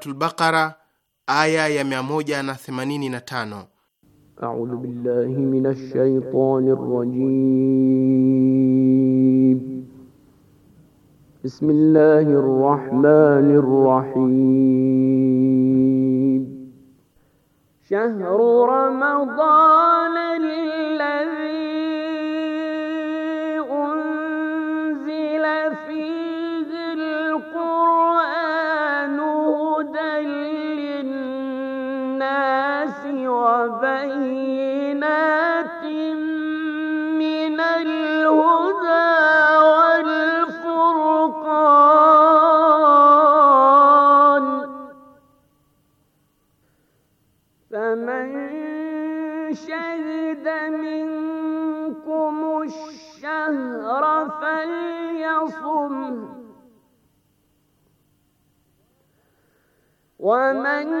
Suratul Baqara aya ya 185. A'udhu billahi minash Bismillahir rahmanir rahim. Shahru من الهدى والفرقان فمن شهد منكم الشهر ومن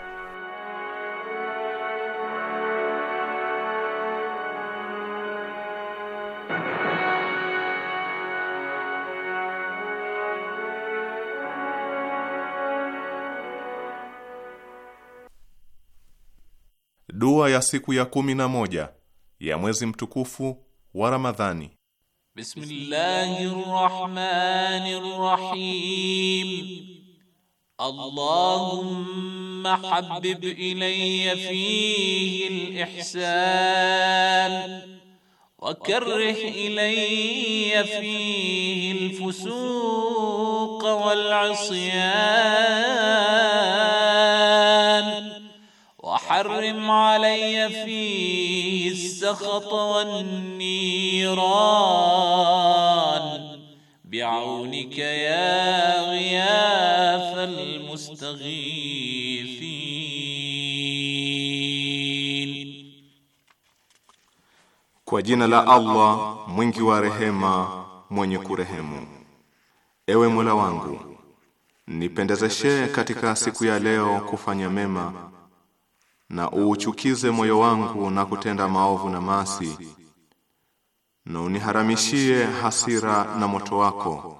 Dua ya siku ya kumi na moja ya mwezi mtukufu wa Ramadhani. Bismillahirrahmanirrahim. Allahumma habbib ilayya fihi al-ihsan wa karrih ilayya fihi al-fusuq wal-'isyan حرم علي فيه السخط والنيران بعونك يا غياث المستغيثين Kwa jina la Allah mwingi wa rehema mwenye kurehemu Ewe Mola wangu nipendezeshe katika siku ya leo kufanya mema na uuchukize moyo wangu na kutenda maovu na maasi, na uniharamishie hasira na moto wako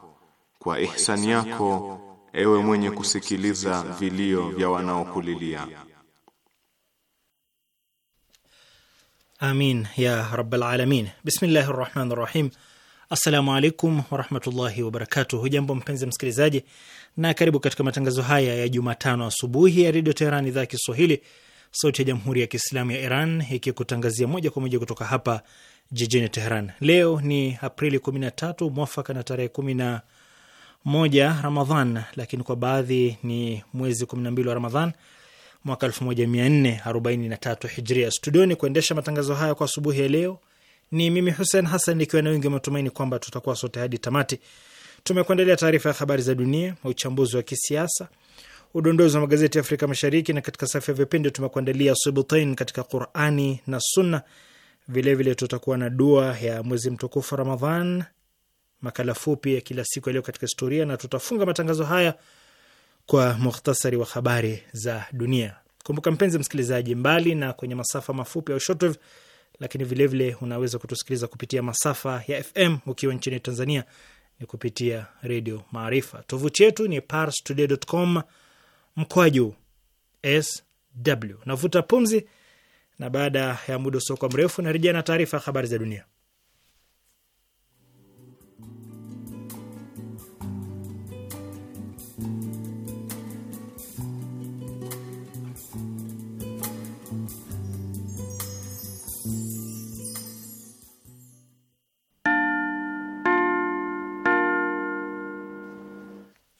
kwa ihsani yako, ewe mwenye kusikiliza vilio vya wanaokulilia. Amin ya rabbal alamin. Bismillahir rahmanir rahim. Assalamu alaikum warahmatullahi wabarakatuh. Hujambo mpenzi msikilizaji, na karibu katika matangazo haya ya Jumatano asubuhi ya redio Teheran, idhaa ya Kiswahili, sauti ya jamhuri ya kiislamu ya Iran ikikutangazia moja kwa moja kutoka hapa jijini Teheran. Leo ni Aprili 13 mwafaka na tarehe 11 Ramadhan, lakini kwa baadhi ni mwezi 12 wa Ramadhan mwaka 1443 Hijria. Studioni kuendesha matangazo haya kwa asubuhi ya leo ni mimi Hussein Hassan, nikiwa na wingi wa matumaini kwamba tutakuwa sote hadi tamati. Tumekuendelea taarifa ya habari za dunia, uchambuzi wa kisiasa udondozi wa magazeti ya Afrika Mashariki, na katika safu ya vipindi tumekuandalia subutain katika Qurani na Sunna. Vilevile tutakuwa na dua ya mwezi mtukufu Ramadhan, makala fupi ya kila siku yaliyo katika historia, na tutafunga matangazo haya kwa mukhtasari wa habari za dunia. Kumbuka mpenzi msikilizaji, mbali na kwenye masafa mafupi au shortwave, lakini vilevile vile unaweza kutusikiliza kupitia masafa ya FM ukiwa nchini Tanzania ni kupitia Redio Maarifa. Tovuti yetu ni parstoday.com mkwaju sw. Navuta pumzi, na baada ya muda usiokuwa mrefu narejea na taarifa ya habari za dunia.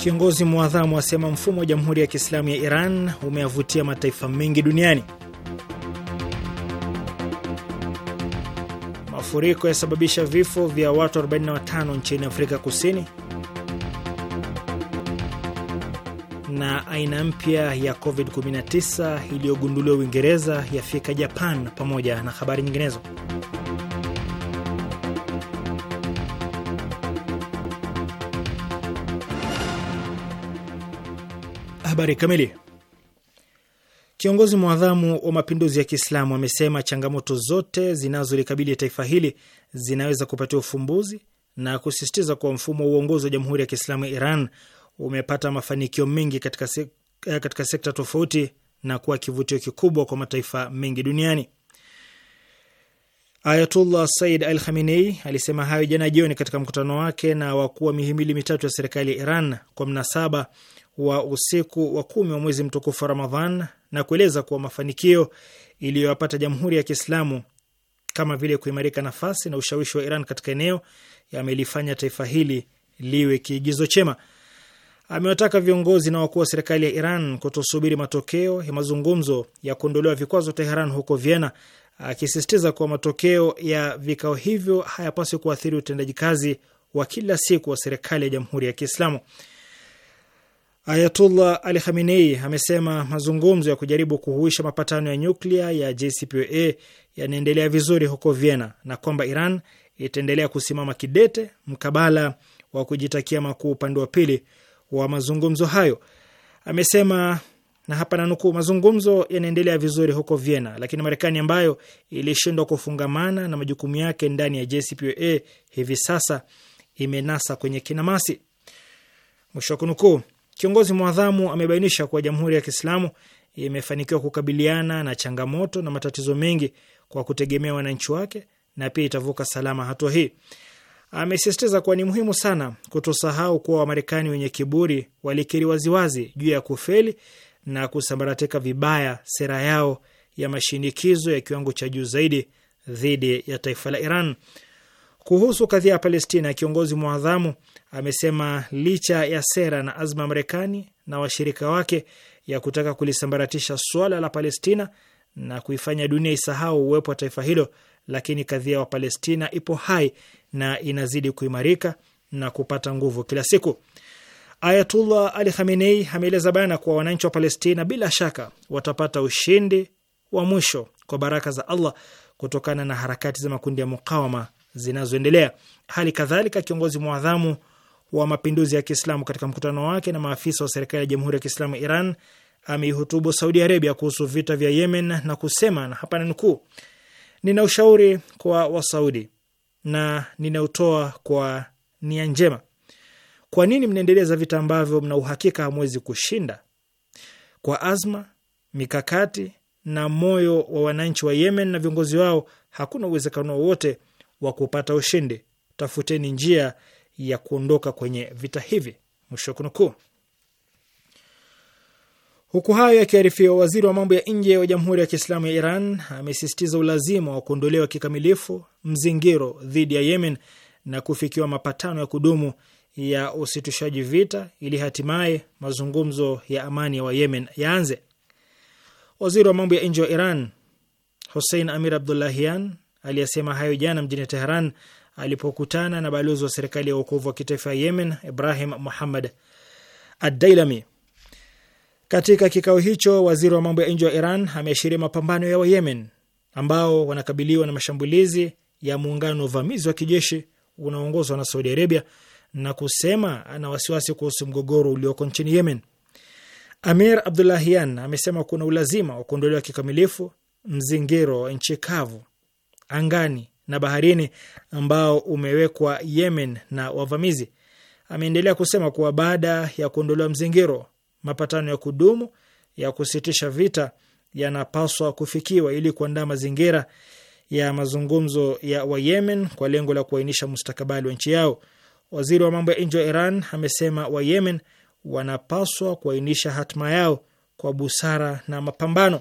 Kiongozi mwadhamu asema mfumo wa Jamhuri ya Kiislamu ya Iran umeyavutia mataifa mengi duniani. Mafuriko yasababisha vifo vya watu 45 nchini Afrika Kusini. Na aina mpya ya COVID-19 iliyogunduliwa Uingereza yafika Japan, pamoja na habari nyinginezo. Habari kamili. Kiongozi mwadhamu wa mapinduzi ya Kiislamu amesema changamoto zote zinazolikabili taifa hili zinaweza kupatiwa ufumbuzi na kusisitiza kuwa mfumo wa uongozi wa Jamhuri ya Kiislamu ya Iran umepata mafanikio mengi katika, sek eh, katika sekta tofauti na kuwa kivutio kikubwa kwa mataifa mengi duniani. Ayatullah Said Al Khamenei alisema hayo jana jioni katika mkutano wake na wakuu wa mihimili mitatu ya serikali ya Iran kwa mnasaba wa usiku wa kumi wa mwezi mtukufu wa Ramadhan na kueleza kuwa mafanikio iliyoyapata Jamhuri ya Kiislamu kama vile kuimarika nafasi na ushawishi wa Iran katika eneo yamelifanya taifa hili liwe kiigizo chema. Amewataka viongozi na wakuu wa serikali ya Iran kutosubiri matokeo ya mazungumzo ya kuondolewa vikwazo Teheran huko Vienna, akisisitiza kuwa matokeo ya vikao hivyo hayapaswi kuathiri utendaji kazi wa kila siku wa serikali ya Jamhuri ya Kiislamu. Ayatullah Ali Khamenei amesema mazungumzo ya kujaribu kuhuisha mapatano ya nyuklia ya JCPOA yanaendelea vizuri huko Vienna na kwamba Iran itaendelea kusimama kidete mkabala wa kujitakia makuu upande wa pili wa mazungumzo hayo. Amesema na hapa nanukuu, mazungumzo yanaendelea vizuri huko Vienna, lakini Marekani ambayo ilishindwa kufungamana na majukumu yake ndani ya JCPOA hivi sasa imenasa kwenye kinamasi, mwisho wa kunukuu. Kiongozi mwadhamu amebainisha kuwa Jamhuri ya Kiislamu imefanikiwa kukabiliana na changamoto na matatizo mengi kwa kutegemea wananchi wake na pia itavuka salama hatua hii. Amesisitiza kuwa ni muhimu sana kutosahau kuwa Wamarekani wenye kiburi walikiri waziwazi juu ya kufeli na kusambaratika vibaya sera yao ya mashinikizo ya kiwango cha juu zaidi dhidi ya taifa la Iran. Kuhusu kadhia ya Palestina, kiongozi mwadhamu amesema licha ya sera na azma ya Marekani na washirika wake ya kutaka kulisambaratisha swala la Palestina na kuifanya dunia isahau uwepo wa taifa hilo, lakini kadhia wa Palestina ipo hai na inazidi kuimarika na kupata nguvu kila siku. Ayatullah Ali Khamenei ameeleza bayana kuwa wananchi wa Palestina bila shaka watapata ushindi wa mwisho kwa baraka za Allah kutokana na harakati za makundi ya mukawama zinazoendelea. Hali kadhalika, kiongozi mwadhamu wa mapinduzi ya Kiislamu katika mkutano wake na maafisa wa serikali ya Jamhuri ya Kiislamu Iran ameihutubu Saudi Arabia kuhusu vita vya Yemen na kusema, na hapa nanukuu, nina ushauri kwa Wasaudi na ninautoa kwa nia njema. Kwa nini mnaendeleza vita ambavyo mna uhakika hamwezi kushinda? Kwa azma, mikakati na moyo wa wananchi wa Yemen na viongozi wao, hakuna uwezekano wowote wa kupata ushindi. Tafuteni njia ya kuondoka kwenye vita hivi, mwisho kunukuu. Huku hayo yakiarifiwa, waziri wa mambo ya nje wa Jamhuri ya Kiislamu ya Iran amesisitiza ulazima wa kuondolewa kikamilifu mzingiro dhidi ya Yemen na kufikiwa mapatano ya kudumu ya usitishaji vita ili hatimaye mazungumzo ya amani wa Yemen yaanze. Waziri wa mambo ya nje wa Iran Hussein Amir Abdullahian aliyesema hayo jana mjini Teheran alipokutana na balozi wa serikali ya uokovu wa kitaifa ya Yemen, Ibrahim Muhammad Adailami. Katika kikao hicho, waziri wa mambo ya nje wa Iran ameashiria mapambano ya Wayemen ambao wanakabiliwa na mashambulizi ya muungano wa uvamizi wa kijeshi unaoongozwa na Saudi Arabia na kusema ana wasiwasi kuhusu mgogoro ulioko nchini Yemen. Amir Abdulahian amesema kuna ulazima wa kuondolewa kikamilifu mzingiro wa nchi kavu, angani, na baharini ambao umewekwa Yemen na wavamizi. Ameendelea kusema kuwa baada ya kuondolewa mzingiro, mapatano ya kudumu ya kusitisha vita yanapaswa kufikiwa ili kuandaa mazingira ya mazungumzo ya Wayemen kwa lengo la kuainisha mustakabali wa nchi yao. Waziri wa mambo ya nje wa Iran amesema Wayemen wanapaswa kuainisha hatima yao kwa busara na mapambano.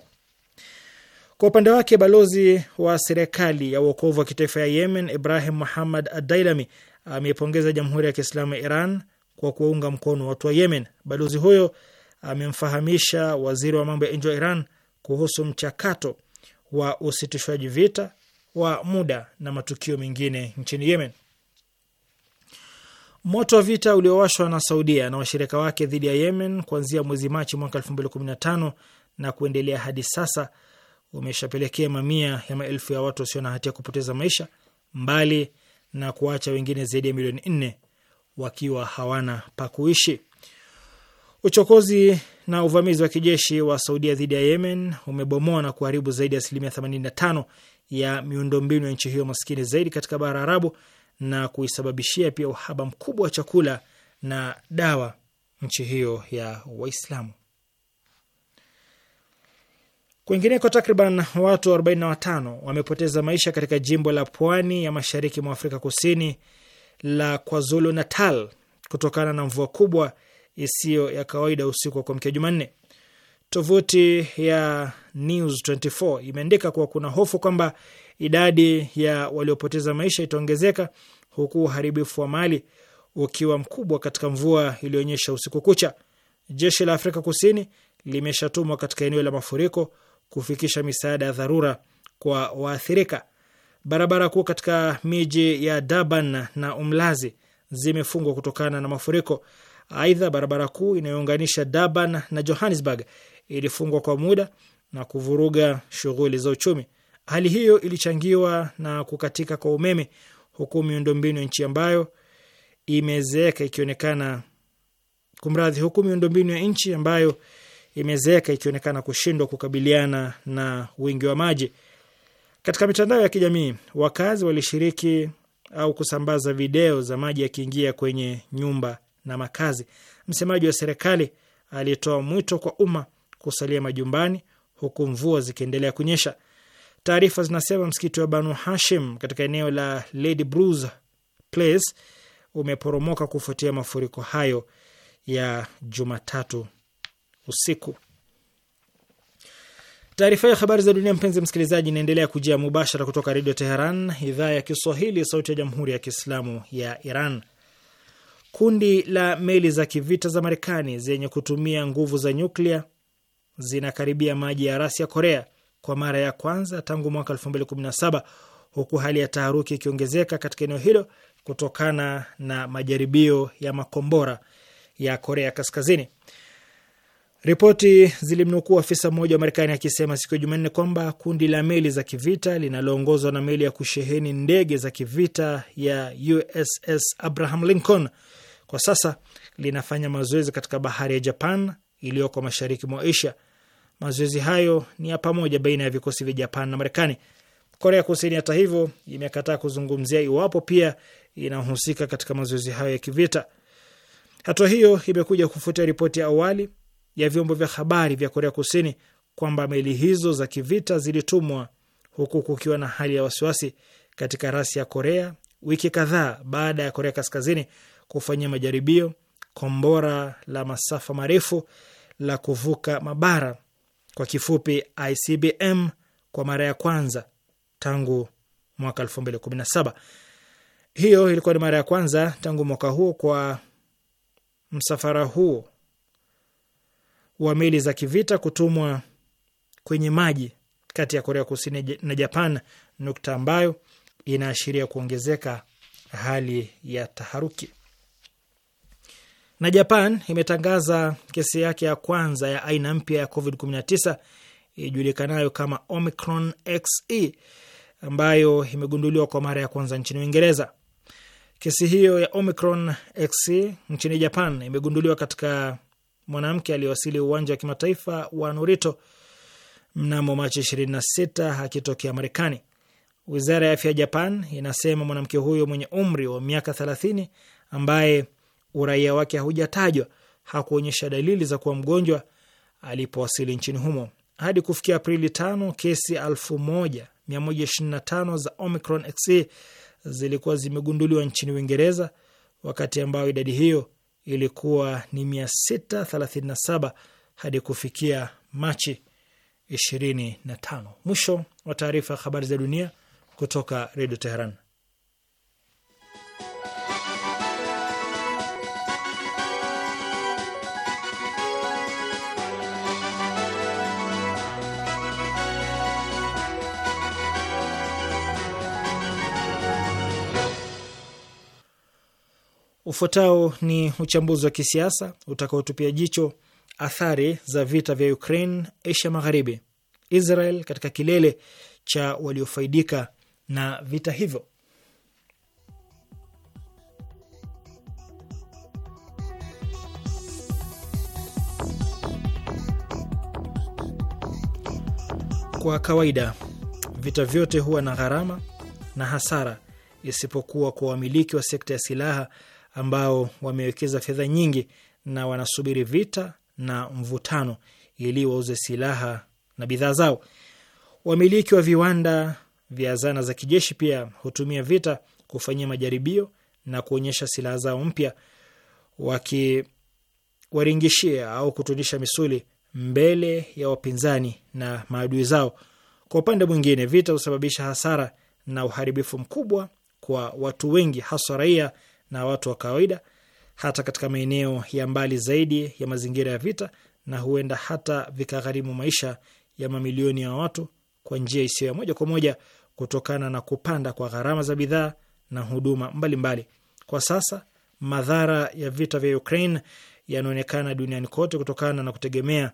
Kwa upande wake balozi wa serikali ya uokovu wa kitaifa ya Yemen, Ibrahim Muhammad Adailami, ameipongeza Jamhuri ya Kiislamu ya Iran kwa kuwaunga mkono watu wa Yemen. Balozi huyo amemfahamisha waziri wa mambo ya nje wa Iran kuhusu mchakato wa usitishwaji vita wa muda na matukio mengine nchini Yemen. Moto wa vita uliowashwa na Saudia na washirika wake dhidi ya Yemen kuanzia mwezi Machi mwaka 2015 na kuendelea hadi sasa umeshapelekea mamia ya maelfu ya watu wasio na hatia kupoteza maisha, mbali na kuacha wengine zaidi ya milioni nne wakiwa hawana pa kuishi. Uchokozi na uvamizi wa kijeshi wa Saudia dhidi ya Yemen umebomoa na kuharibu zaidi ya asilimia 85 ya miundombinu ya nchi hiyo maskini zaidi katika bara Arabu na kuisababishia pia uhaba mkubwa wa chakula na dawa nchi hiyo ya Waislamu. Kwingineko, takriban watu 45 wamepoteza maisha katika jimbo la pwani ya mashariki mwa Afrika Kusini la KwaZulu Natal kutokana na mvua kubwa isiyo ya kawaida usiku wa kuamkia Jumanne. Tovuti ya News 24 imeandika kuwa kuna hofu kwamba idadi ya waliopoteza maisha itaongezeka huku uharibifu wa mali ukiwa mkubwa katika mvua iliyoonyesha usiku kucha. Jeshi la Afrika Kusini limeshatumwa katika eneo la mafuriko kufikisha misaada ya dharura kwa waathirika. Barabara kuu katika miji ya Durban na Umlazi zimefungwa kutokana na mafuriko. Aidha, barabara kuu inayounganisha Durban na Johannesburg ilifungwa kwa muda na kuvuruga shughuli za uchumi. Hali hiyo ilichangiwa na kukatika kwa umeme, huku miundombinu ya nchi ambayo imezeeka ikionekana kumradhi, huku miundombinu ya nchi ambayo imezeeka ikionekana kushindwa kukabiliana na wingi wa maji. Katika mitandao ya kijamii, wakazi walishiriki au kusambaza video za maji yakiingia kwenye nyumba na makazi. Msemaji wa serikali alitoa mwito kwa umma kusalia majumbani huku mvua zikiendelea kunyesha. Taarifa zinasema msikiti wa Banu Hashim katika eneo la Lady Bruce Place umeporomoka kufuatia mafuriko hayo ya Jumatatu usiku. Taarifa ya habari za dunia, mpenzi msikilizaji, inaendelea kujia mubashara kutoka Redio Teheran, idhaa ya Kiswahili, sauti ya Jamhuri ya Kiislamu ya Iran. Kundi la meli za kivita za Marekani zenye kutumia nguvu za nyuklia zinakaribia maji ya rasi ya Korea kwa mara ya kwanza tangu mwaka 2017 huku hali ya taharuki ikiongezeka katika eneo hilo kutokana na majaribio ya makombora ya Korea Kaskazini. Ripoti zilimnukuu afisa mmoja wa Marekani akisema siku ya Jumanne kwamba kundi la meli za kivita linaloongozwa na meli ya kusheheni ndege za kivita ya USS Abraham Lincoln kwa sasa linafanya mazoezi katika bahari ya Japan iliyoko mashariki mwa Asia. Mazoezi hayo ni ya pamoja baina ya vikosi vya Japan na Marekani. Korea Kusini, hata hivyo, imekataa kuzungumzia iwapo pia inahusika katika mazoezi hayo ya kivita. Hatua hiyo imekuja kufuta ripoti ya awali ya vyombo vya habari vya Korea Kusini kwamba meli hizo za kivita zilitumwa huku kukiwa na hali ya wasiwasi katika rasi ya Korea wiki kadhaa baada ya Korea Kaskazini kufanyia majaribio kombora la masafa marefu la kuvuka mabara kwa kifupi ICBM kwa mara ya kwanza tangu mwaka 2017. Hiyo ilikuwa ni mara ya kwanza tangu mwaka huo kwa msafara huo wa meli za kivita kutumwa kwenye maji kati ya Korea Kusini na Japan, nukta ambayo inaashiria kuongezeka hali ya taharuki. Na Japan imetangaza kesi yake ya kwanza ya aina mpya ya COVID-19 ijulikanayo kama Omicron XE ambayo imegunduliwa kwa mara ya kwanza nchini Uingereza. Kesi hiyo ya Omicron XE nchini Japan imegunduliwa katika mwanamke aliyewasili uwanja wa kimataifa wa Nurito mnamo Machi 26 akitokea Marekani. Wizara ya afya ya Japan inasema mwanamke huyo mwenye umri wa miaka 30 ambaye uraia wake haujatajwa hakuonyesha dalili za kuwa mgonjwa alipowasili nchini humo. Hadi kufikia Aprili 5 kesi 1125 za Omicron XE zilikuwa zimegunduliwa nchini Uingereza, wakati ambao idadi hiyo ilikuwa ni 637 hadi kufikia Machi 25. Mwisho wa taarifa ya habari za dunia kutoka Redio Teheran. Ufuatao ni uchambuzi wa kisiasa utakaotupia jicho athari za vita vya Ukraine Asia Magharibi, Israel katika kilele cha waliofaidika na vita hivyo. Kwa kawaida vita vyote huwa na gharama na hasara, isipokuwa kwa wamiliki wa sekta ya silaha ambao wamewekeza fedha nyingi na wanasubiri vita na mvutano ili wauze silaha na bidhaa zao. Wamiliki wa viwanda vya zana za kijeshi pia hutumia vita kufanyia majaribio na kuonyesha silaha zao mpya, wakiwaringishia au kutunisha misuli mbele ya wapinzani na maadui zao. Kwa upande mwingine, vita husababisha hasara na uharibifu mkubwa kwa watu wengi, haswa raia na watu wa kawaida hata katika maeneo ya mbali zaidi ya mazingira ya vita, na huenda hata vikagharimu maisha ya mamilioni ya watu kwa njia isiyo ya moja kwa moja kutokana na kupanda kwa gharama za bidhaa na huduma mbalimbali mbali. Kwa sasa madhara ya vita vya Ukraine yanaonekana duniani kote kutokana na kutegemea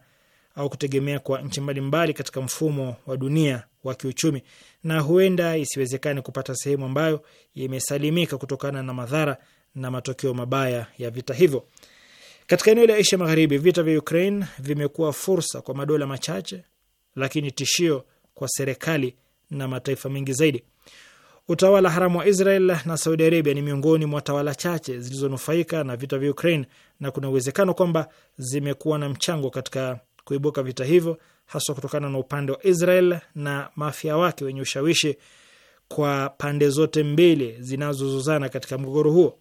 au kutegemea kwa nchi mbalimbali katika mfumo wa dunia wa kiuchumi, na huenda isiwezekane kupata sehemu ambayo imesalimika kutokana na madhara na matokeo mabaya ya vita hivyo. Katika eneo la Asia Magharibi, vita vya Ukraine vimekuwa fursa kwa madola machache, lakini tishio kwa serikali na mataifa mengi zaidi. Utawala haramu wa Israel na Saudi Arabia ni miongoni mwa tawala chache zilizonufaika na vita vya Ukraine, na kuna uwezekano kwamba zimekuwa na mchango katika kuibuka vita hivyo, haswa kutokana na upande wa Israel na mafia wake wenye ushawishi kwa pande zote mbili zinazozozana katika mgogoro huo.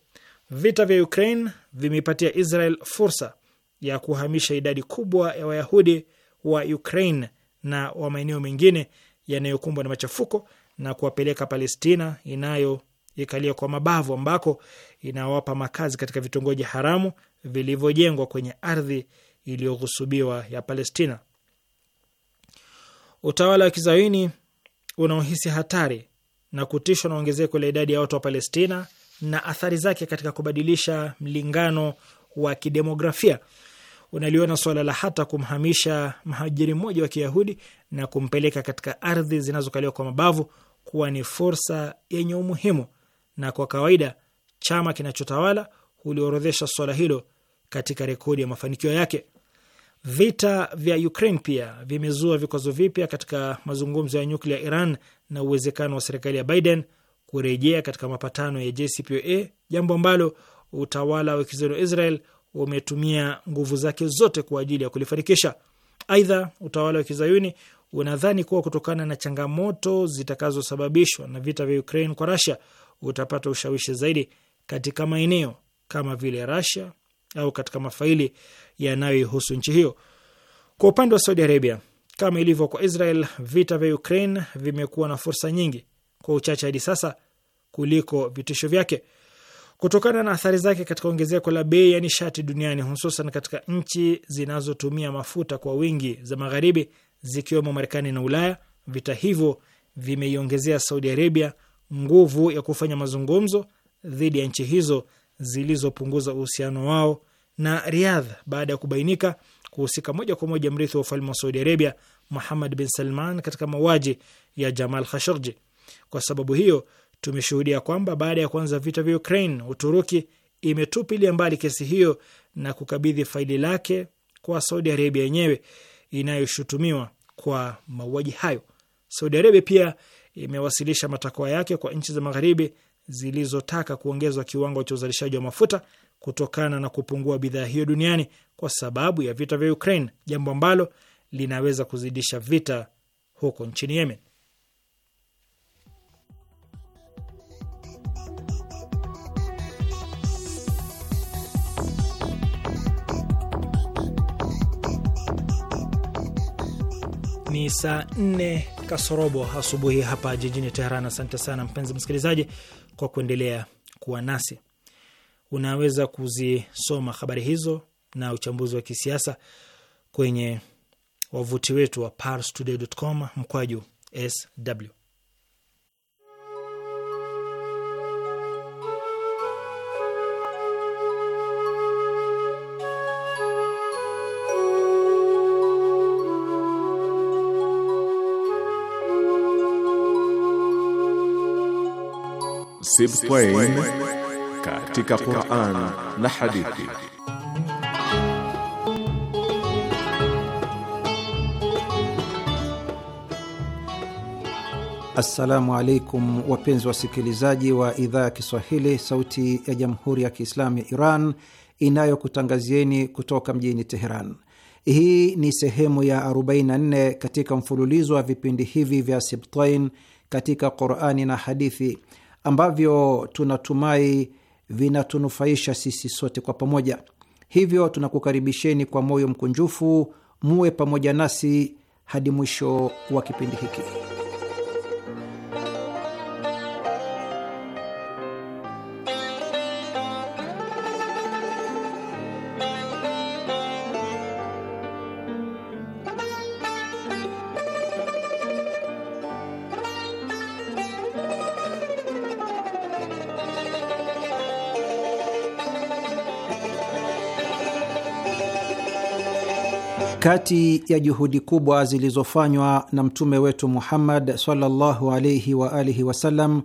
Vita vya Ukraine vimeipatia Israel fursa ya kuhamisha idadi kubwa ya Wayahudi wa Ukraine na wa maeneo mengine yanayokumbwa na machafuko na kuwapeleka Palestina inayoikalia kwa mabavu, ambako inawapa makazi katika vitongoji haramu vilivyojengwa kwenye ardhi iliyoghusubiwa ya Palestina. Utawala wa kizawini unaohisi hatari na kutishwa na ongezeko la idadi ya watu wa Palestina na athari zake katika kubadilisha mlingano wa kidemografia unaliona suala la hata kumhamisha mhajiri mmoja wa Kiyahudi na kumpeleka katika ardhi zinazokaliwa kwa mabavu kuwa ni fursa yenye umuhimu, na kwa kawaida chama kinachotawala huliorodhesha suala hilo katika rekodi ya mafanikio yake. Vita vya Ukraine pia vimezua vikwazo vipya katika mazungumzo ya nyuklia Iran na uwezekano wa serikali ya Biden kurejea katika mapatano ya JCPOA, jambo ambalo utawala wa kizayuni wa Israel umetumia nguvu zake zote kwa ajili ya kulifanikisha. Aidha, utawala wa kizayuni unadhani kuwa kutokana na changamoto zitakazosababishwa na vita vya Ukraine kwa rasia utapata ushawishi zaidi katika maeneo kama vile rasia au katika mafaili yanayohusu nchi hiyo. Kwa upande wa Saudi Arabia, kama ilivyo kwa Israel, vita vya Ukraine vimekuwa na fursa nyingi kwa uchache hadi sasa kuliko vitisho vyake kutokana na athari zake katika ongezeko la bei ya nishati duniani, hususan katika nchi zinazotumia mafuta kwa wingi za magharibi zikiwemo Marekani na Ulaya. Vita hivyo vimeiongezea Saudi Arabia nguvu ya kufanya mazungumzo dhidi ya nchi hizo zilizopunguza uhusiano wao na Riyadh baada ya kubainika kuhusika moja kwa moja mrithi wa ufalme wa Saudi Arabia Muhammad bin Salman katika mauaji ya Jamal Khashoggi. Kwa sababu hiyo, tumeshuhudia kwamba baada ya kuanza vita vya Ukraine, Uturuki imetupilia mbali kesi hiyo na kukabidhi faili lake kwa Saudi Arabia yenyewe inayoshutumiwa kwa mauaji hayo. Saudi Arabia pia imewasilisha matakwa yake kwa nchi za Magharibi zilizotaka kuongezwa kiwango cha uzalishaji wa mafuta kutokana na kupungua bidhaa hiyo duniani kwa sababu ya vita vya Ukraine, jambo ambalo linaweza kuzidisha vita huko nchini Yemen. Ni saa nne kasorobo asubuhi hapa jijini Teheran. Asante sana mpenzi msikilizaji kwa kuendelea kuwa nasi. Unaweza kuzisoma habari hizo na uchambuzi wa kisiasa kwenye wavuti wetu wa parstoday.com mkwaju sw Sibtain katika Qur'an na hadithi. Assalamu alaikum wapenzi wasikilizaji wa idhaa ya Kiswahili sauti ya Jamhuri ya Kiislamu ya Iran inayokutangazieni kutoka mjini Teheran. Hii ni sehemu ya 44 katika mfululizo wa vipindi hivi vya Sibtain katika Qurani na hadithi ambavyo tunatumai vinatunufaisha sisi sote kwa pamoja. Hivyo tunakukaribisheni kwa moyo mkunjufu, muwe pamoja nasi hadi mwisho wa kipindi hiki. Kati ya juhudi kubwa zilizofanywa na mtume wetu Muhammad sallallahu alaihi wa alihi wasallam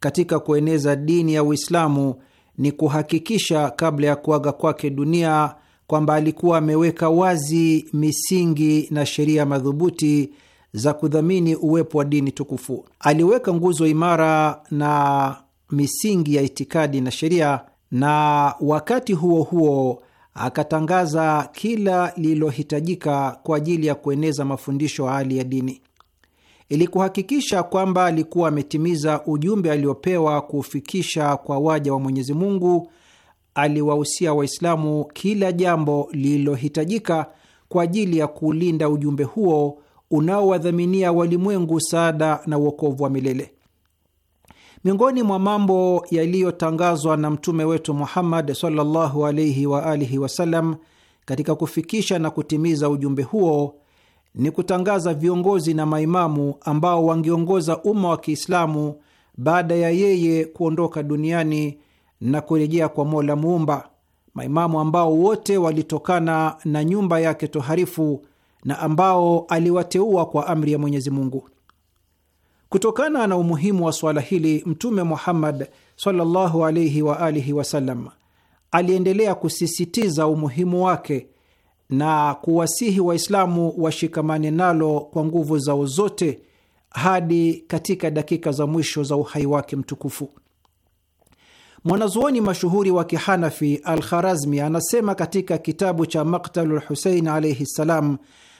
katika kueneza dini ya Uislamu ni kuhakikisha kabla ya kuaga kwake dunia kwamba alikuwa ameweka wazi misingi na sheria madhubuti za kudhamini uwepo wa dini tukufu. Aliweka nguzo imara na misingi ya itikadi na sheria, na wakati huo huo akatangaza kila lililohitajika kwa ajili ya kueneza mafundisho hali ya dini ili kuhakikisha kwamba alikuwa ametimiza ujumbe aliopewa kufikisha kwa waja wa Mwenyezi Mungu. Aliwahusia Waislamu kila jambo lililohitajika kwa ajili ya kulinda ujumbe huo unaowadhaminia walimwengu saada na uokovu wa milele. Miongoni mwa mambo yaliyotangazwa na mtume wetu Muhammad sallallahu alaihi wa alihi wasallam katika kufikisha na kutimiza ujumbe huo ni kutangaza viongozi na maimamu ambao wangeongoza umma wa Kiislamu baada ya yeye kuondoka duniani na kurejea kwa Mola Muumba, maimamu ambao wote walitokana na nyumba yake toharifu na ambao aliwateua kwa amri ya Mwenyezi Mungu. Kutokana na umuhimu wa suala hili, Mtume Muhammad sallallahu alaihi wa alihi wasallam aliendelea kusisitiza umuhimu wake na kuwasihi Waislamu washikamane nalo kwa nguvu zao zote hadi katika dakika za mwisho za uhai wake mtukufu. Mwanazuoni mashuhuri wa Kihanafi Al-Kharazmi anasema katika kitabu cha Maktalu Lhusein alaihi ssalam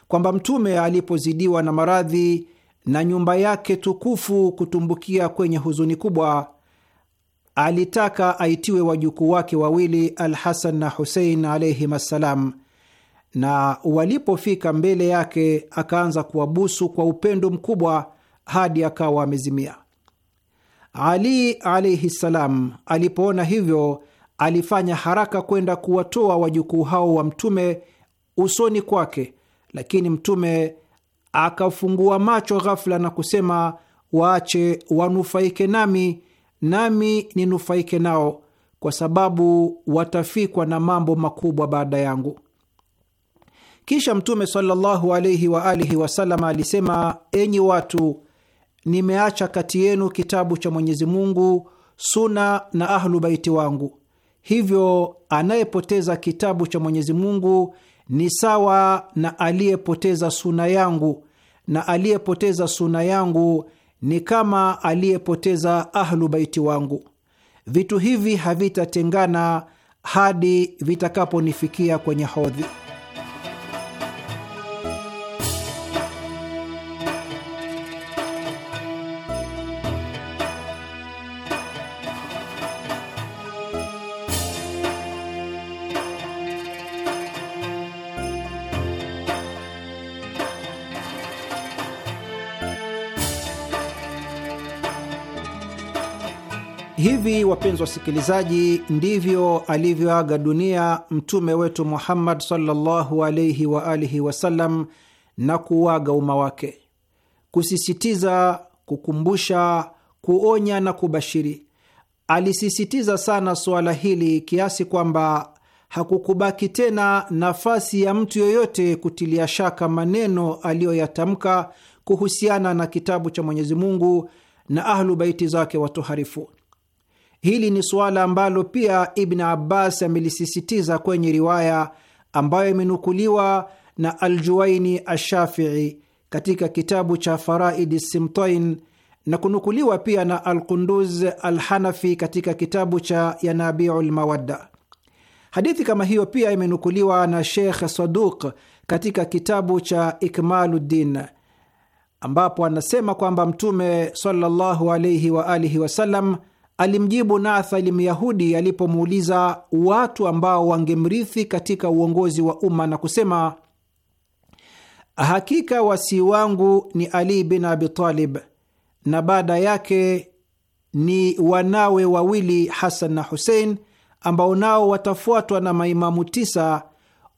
kwamba Mtume alipozidiwa na maradhi na nyumba yake tukufu kutumbukia kwenye huzuni kubwa, alitaka aitiwe wajukuu wake wawili Alhasan na Husein alayhim assalam, na walipofika mbele yake akaanza kuwabusu kwa upendo mkubwa hadi akawa amezimia. Ali alaihi ssalam alipoona hivyo, alifanya haraka kwenda kuwatoa wajukuu hao wa Mtume usoni kwake, lakini Mtume akafungua macho ghafula na kusema, waache wanufaike nami, nami ninufaike nao, kwa sababu watafikwa na mambo makubwa baada yangu. Kisha Mtume sallallahu alaihi wa alihi wasallam alisema, enyi watu, nimeacha kati yenu kitabu cha Mwenyezi Mungu, suna na ahlu baiti wangu. Hivyo anayepoteza kitabu cha Mwenyezi Mungu ni sawa na aliyepoteza suna yangu, na aliyepoteza suna yangu ni kama aliyepoteza ahlu baiti wangu. Vitu hivi havitatengana hadi vitakaponifikia kwenye hodhi. hivi, wapenzi wasikilizaji, ndivyo alivyoaga dunia mtume wetu Muhammad sallallahu alaihi wa alihi wasallam na kuuaga umma wake, kusisitiza, kukumbusha, kuonya na kubashiri. Alisisitiza sana suala hili kiasi kwamba hakukubaki tena nafasi ya mtu yoyote kutilia shaka maneno aliyoyatamka kuhusiana na kitabu cha Mwenyezi Mungu na Ahlu Baiti zake watoharifu. Hili ni suala ambalo pia Ibn Abbas amelisisitiza kwenye riwaya ambayo imenukuliwa na Aljuwaini Ashafii katika kitabu cha Faraidi Simtain na kunukuliwa pia na Alqunduz Alhanafi katika kitabu cha Yanabiu Lmawadda. Hadithi kama hiyo pia imenukuliwa na Sheikh Saduq katika kitabu cha Ikmaluddin ambapo anasema kwamba Mtume sallallahu alaihi waalihi wasallam Alimjibu Nathali Myahudi alipomuuliza watu ambao wangemrithi katika uongozi wa umma na kusema, hakika wasii wangu ni Ali bin Abi Talib na baada yake ni wanawe wawili Hasan na Husein ambao nao watafuatwa na maimamu tisa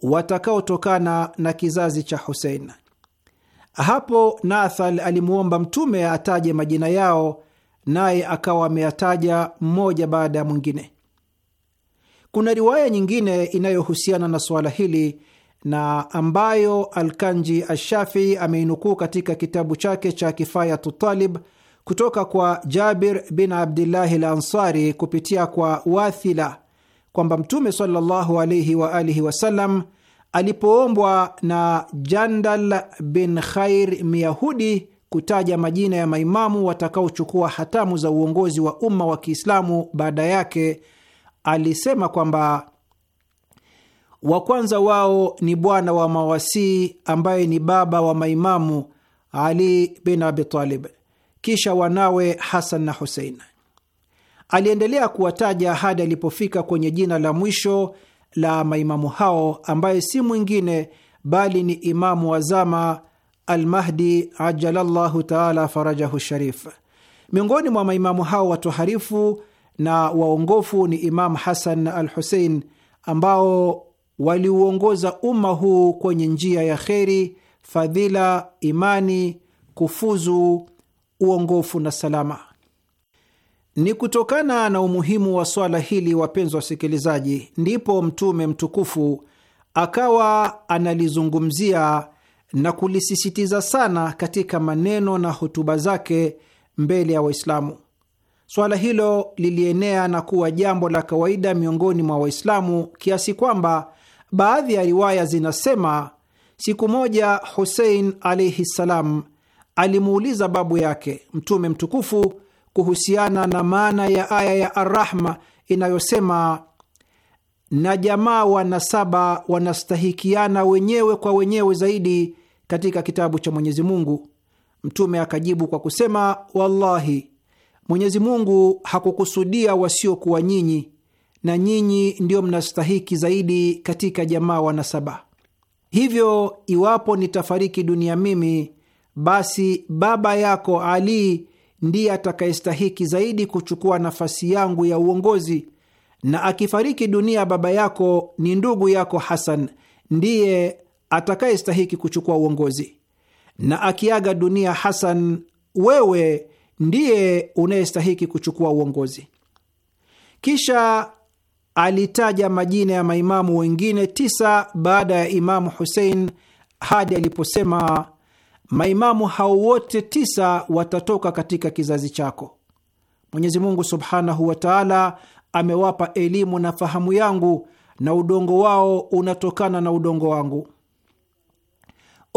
watakaotokana na kizazi cha Husein. Hapo Nathal alimwomba Mtume ataje majina yao naye akawa ameyataja mmoja baada ya mwingine. Kuna riwaya nyingine inayohusiana na suala hili na ambayo Alkanji Ashafii ameinukuu katika kitabu chake cha Kifayatu Talib kutoka kwa Jabir bin Abdillahi Lansari Ansari kupitia kwa Wathila kwamba Mtume sallallahu alaihi wa alihi wasallam alipoombwa na Jandal bin Khair Myahudi kutaja majina ya maimamu watakaochukua hatamu za uongozi wa umma wa Kiislamu baada yake, alisema kwamba wa kwanza wao ni bwana wa mawasii ambaye ni baba wa maimamu Ali bin Abi Talib, kisha wanawe Hasan na Husein. Aliendelea kuwataja hadi alipofika kwenye jina la mwisho la maimamu hao ambaye si mwingine bali ni imamu zama Almahdi ajalallahu taala farajahu sharif. Miongoni mwa maimamu hao watoharifu na waongofu ni Imamu Hasan al Husein, ambao waliuongoza umma huu kwenye njia ya kheri, fadhila, imani, kufuzu, uongofu na salama. Ni kutokana na umuhimu wa swala hili, wapenzi wasikilizaji, ndipo Mtume mtukufu akawa analizungumzia na kulisisitiza sana katika maneno na hotuba zake mbele ya Waislamu. Swala hilo lilienea na kuwa jambo la kawaida miongoni mwa Waislamu kiasi kwamba baadhi ya riwaya zinasema siku moja Husein alaihi ssalam alimuuliza babu yake Mtume mtukufu kuhusiana na maana ya aya ya Arrahma inayosema na jamaa wanasaba wanastahikiana wenyewe kwa wenyewe zaidi katika kitabu cha Mwenyezi Mungu. Mtume akajibu kwa kusema, wallahi, Mwenyezi Mungu hakukusudia wasiokuwa nyinyi, na nyinyi ndiyo mnastahiki zaidi katika jamaa wanasaba. Hivyo iwapo nitafariki dunia mimi, basi baba yako Ali ndiye atakayestahiki zaidi kuchukua nafasi yangu ya uongozi, na akifariki dunia baba yako, ni ndugu yako Hasan ndiye atakayestahiki kuchukua uongozi, na akiaga dunia Hasan, wewe ndiye unayestahiki kuchukua uongozi. Kisha alitaja majina ya maimamu wengine tisa baada ya Imamu Husein hadi aliposema, maimamu hao wote tisa watatoka katika kizazi chako. Mwenyezi Mungu subhanahu wa taala amewapa elimu na fahamu yangu, na udongo wao unatokana na udongo wangu.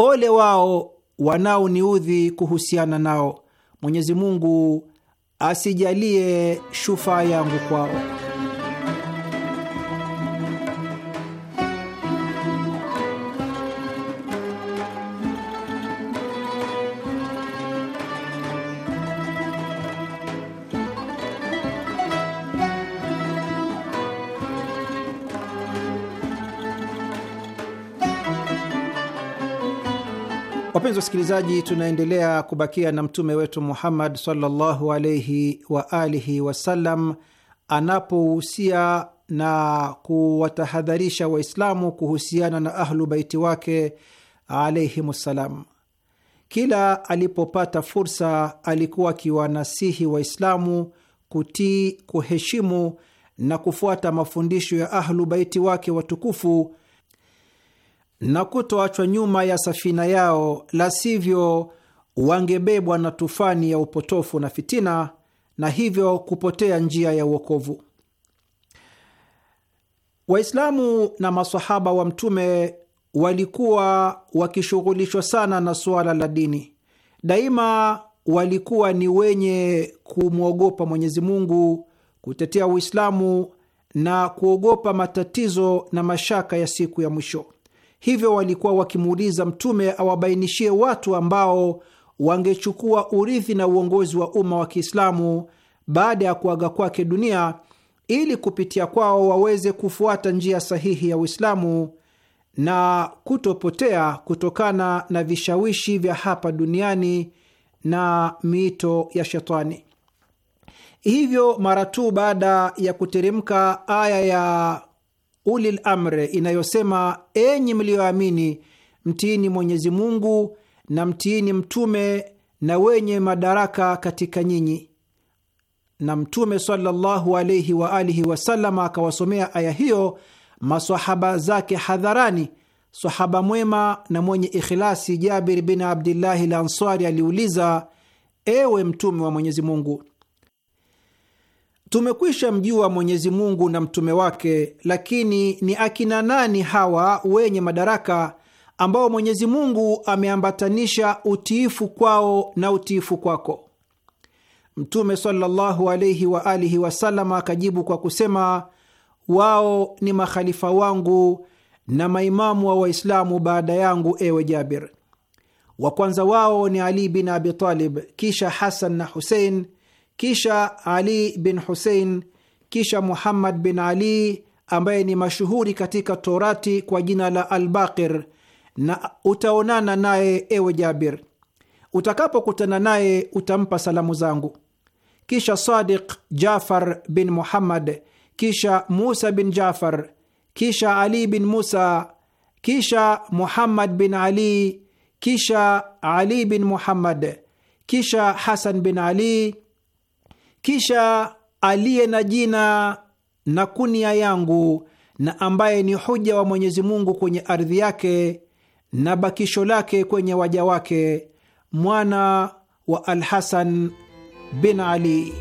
Ole wao wanaoniudhi kuhusiana nao. Mwenyezi Mungu asijalie shufaa yangu kwao. wasikilizaji, tunaendelea kubakia na mtume wetu Muhammad sallallahu alaihi wa alihi wasallam anapohusia na kuwatahadharisha Waislamu kuhusiana na Ahlu Baiti wake ssalam. Kila alipopata fursa, alikuwa akiwanasihi Waislamu kutii, kuheshimu na kufuata mafundisho ya Ahlu Baiti wake watukufu na kutoachwa nyuma ya safina yao, la sivyo wangebebwa na tufani ya upotofu na fitina, na hivyo kupotea njia ya uokovu. Waislamu na masahaba wa Mtume walikuwa wakishughulishwa sana na suala la dini. Daima walikuwa ni wenye kumwogopa Mwenyezi Mungu, kutetea Uislamu na kuogopa matatizo na mashaka ya siku ya mwisho hivyo walikuwa wakimuuliza Mtume awabainishie watu ambao wangechukua urithi na uongozi wa umma wa Kiislamu baada ya kuaga kwake dunia ili kupitia kwao waweze kufuata njia sahihi ya Uislamu na kutopotea kutokana na vishawishi vya hapa duniani na miito ya Shetani. Hivyo mara tu baada ya kuteremka aya ya ulil amre inayosema, enyi mliyoamini, mtiini Mwenyezi Mungu na mtiini mtume na wenye madaraka katika nyinyi. Na Mtume sallallahu alaihi wa alihi wasallam akawasomea aya hiyo masahaba zake hadharani. Sahaba mwema na mwenye ikhilasi Jabir bin Abdillahi Lansari aliuliza, ewe Mtume wa Mwenyezi Mungu, Tumekwisha mjua Mwenyezi Mungu na mtume wake, lakini ni akina nani hawa wenye madaraka ambao Mwenyezi Mungu ameambatanisha utiifu kwao na utiifu kwako? Mtume sallallahu alayhi wa alihi wasallam akajibu kwa kusema, wao ni makhalifa wangu na maimamu wa Waislamu baada yangu, ewe Jabir. Wa kwanza wao ni Ali bin Abi Talib, kisha Hasan na Husein kisha Ali bin Husein, kisha Muhammad bin Ali ambaye ni mashuhuri katika Torati kwa jina la Albakir, na utaonana naye ewe Jabir. Utakapokutana naye utampa salamu zangu. Kisha Sadiq Jafar bin Muhammad, kisha Musa bin Jafar, kisha Ali bin Musa, kisha Muhammad bin Ali, kisha Ali bin Muhammad, kisha Hasan bin Ali kisha aliye na jina na kunia yangu na ambaye ni huja wa Mwenyezi Mungu kwenye ardhi yake na bakisho lake kwenye waja wake, mwana wa Alhasan bin Ali.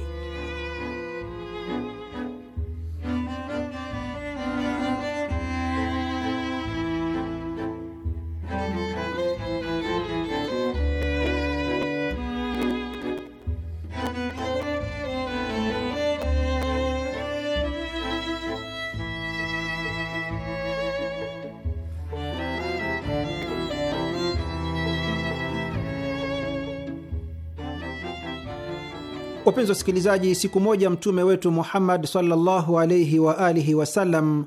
Wapenzi wasikilizaji, siku moja mtume wetu Muhammad sallallahu alaihi wa alihi wasallam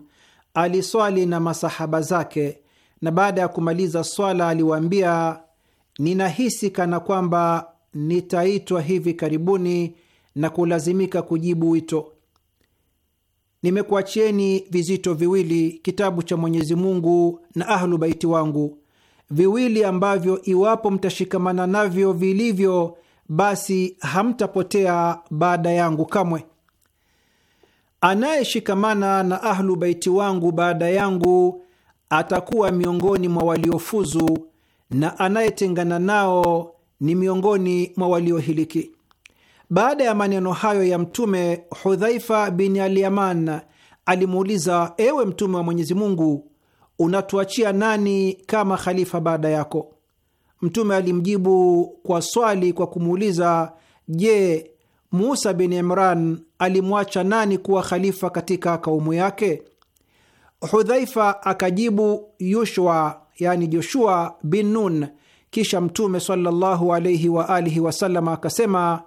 aliswali na masahaba zake, na baada ya kumaliza swala aliwaambia, ninahisi kana kwamba nitaitwa hivi karibuni na kulazimika kujibu wito. Nimekuachieni vizito viwili, kitabu cha Mwenyezi Mungu na Ahlu Baiti wangu, viwili ambavyo iwapo mtashikamana navyo vilivyo basi hamtapotea baada yangu kamwe. Anayeshikamana na Ahlu Baiti wangu baada yangu atakuwa miongoni mwa waliofuzu, na anayetengana nao ni miongoni mwa waliohiliki. Baada ya maneno hayo ya Mtume, Hudhaifa bin Aliyaman alimuuliza, ewe Mtume wa Mwenyezi Mungu, unatuachia nani kama khalifa baada yako? Mtume alimjibu kwa swali kwa kumuuliza, je, Musa bin Imran alimwacha nani kuwa khalifa katika kaumu yake? Hudhaifa akajibu Yushwa, yani Joshua bin Nun. Kisha Mtume sallallahu alaihi wa alihi wasallam akasema,